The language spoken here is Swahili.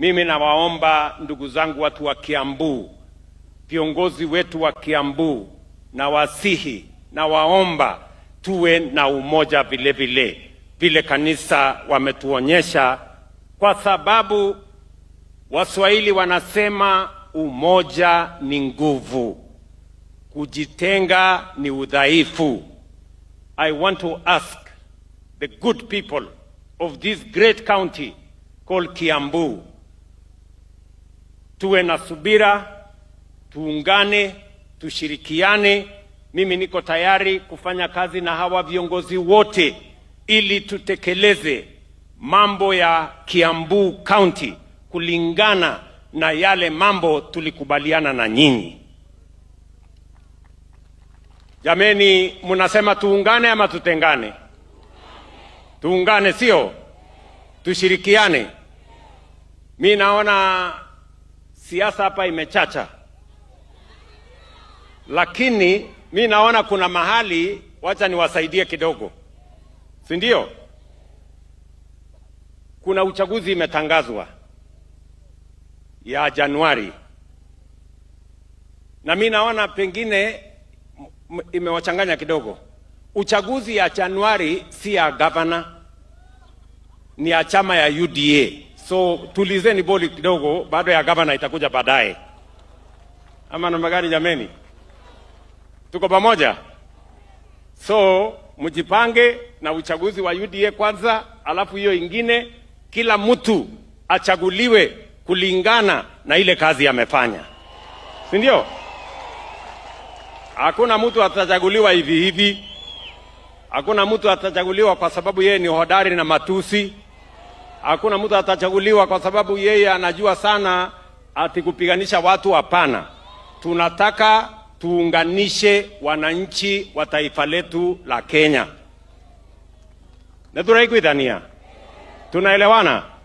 Mimi nawaomba ndugu zangu, watu wa Kiambu, viongozi wetu wa Kiambu, na wasihi na waomba tuwe na umoja vile vile vile kanisa wametuonyesha, kwa sababu Waswahili wanasema umoja ni nguvu, kujitenga ni udhaifu. I want to ask the good people of this great county called Kiambu tuwe na subira, tuungane, tushirikiane. Mimi niko tayari kufanya kazi na hawa viongozi wote ili tutekeleze mambo ya Kiambu County kulingana na yale mambo tulikubaliana na nyinyi. Jameni, mnasema tuungane ama tutengane? Tuungane, sio? Tushirikiane. Mi naona siasa hapa imechacha, lakini mi naona kuna mahali, wacha niwasaidie kidogo, si ndio? Kuna uchaguzi imetangazwa ya Januari, na mi naona pengine imewachanganya kidogo. Uchaguzi ya Januari si ya gavana, ni ya chama ya UDA So tulizeni boli kidogo, baada ya gavana itakuja baadaye, ama namna gani? Jameni, tuko pamoja? So mjipange na uchaguzi wa UDA kwanza, alafu hiyo ingine, kila mtu achaguliwe kulingana na ile kazi amefanya, si ndio? Hakuna mtu atachaguliwa hivi hivi, hakuna mtu atachaguliwa kwa sababu yeye ni hodari na matusi hakuna mtu atachaguliwa kwa sababu yeye anajua sana ati kupiganisha watu. Hapana, tunataka tuunganishe wananchi wa taifa letu la Kenya. Naturaiguithania, tunaelewana?